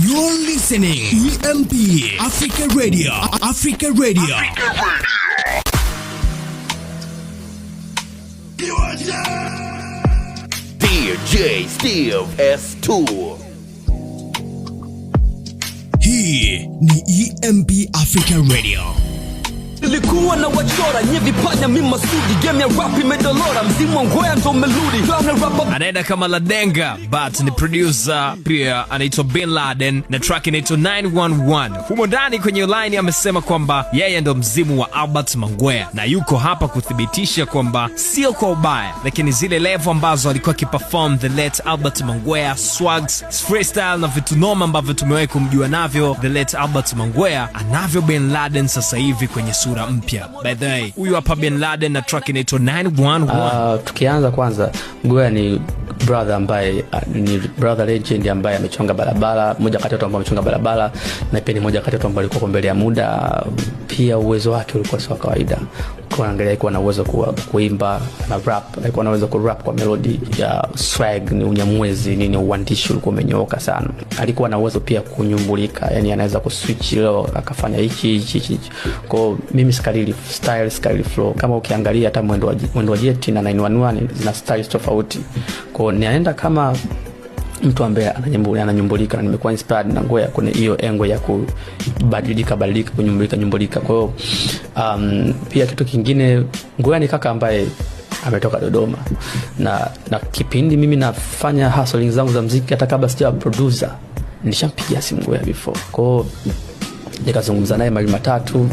You're listening EMP Africa Radio. Africa Radio. Africa DJ Steve S2. Hii ni EMP Africa Radio. Nilikuwa na wachora nye vipanya mi masudi, game ya rap imedolora, mzimu wa ndo meludi Anaenda kama Ladenga but ni producer pia, anaitwa Bin Laden na track inaitwa 911. Humo ndani kwenye line amesema kwamba yeye ndo mzimu wa Albert Mangwea na yuko hapa kuthibitisha kwamba sio kwa ubaya, lakini zile level ambazo alikuwa akiperform the late Albert Mangwea, swags, freestyle na vitu noma ambavyo tumewahi kumjua navyo the late Albert Mangwea, anavyo Bin Laden sasa hivi kwenye sura sura mpya. By the way, huyu hapa Bin Laden na track inaitwa 911. Uh, ah, tukianza kwanza, Mgoya ni brother ambaye ah, ni brother legend ambaye amechonga barabara, mmoja kati ya watu ambao amechonga barabara na pia ni mmoja kati ya watu ambao alikuwa mbele ya muda, pia uwezo wake ulikuwa sio kawaida ukiangalia alikuwa na uwezo kuimba na rap, alikuwa na uwezo kurap kwa melodi ya swag, ni unyamwezi nini, uandishi ulikuwa umenyooka sana. Alikuwa na uwezo pia kunyumbulika, yani anaweza kuswitch leo akafanya hichi hichi hichi. Kwa mimi sikalili style, sikalili flow. Kama ukiangalia hata mwendo wa mwendo wa Jeti na 911 zina styles tofauti, kwa naenda kama mtu ambaye ananyumbulika na nimekuwa inspired na ngoya kwenye hiyo engo ya kubadilika badilika kunyumbulika nyumbulika kwa hiyo um, pia kitu kingine ngoya ni kaka ambaye ametoka dodoma na, na kipindi mimi nafanya hustling zangu za mziki hata kabla sijawa producer nilishampigia simu ngoya before kwao nikazungumza naye mali matatu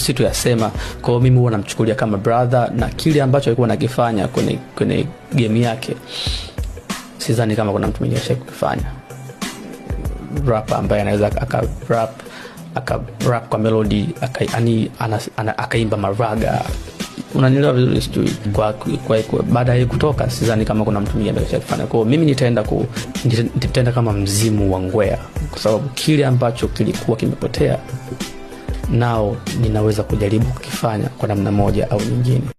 situyasema kwao mimi huwa namchukulia kama brother na kile ambacho alikuwa nakifanya kwenye, kwenye game yake sizani kama kuna mtu mwingine ashai kukifanya rap ambaye anaweza akarap akarap kwa melodi akaimba ana, maraga unanielewa vizuri sijui kwa, kwa, kwa baada ya kutoka sizani kama kuna mtu mwingine kufanya kwao mimi nitaenda ku, nitaenda kama mzimu wa ngwea kwa sababu kile ambacho kilikuwa kimepotea nao ninaweza kujaribu kukifanya kwa namna moja au nyingine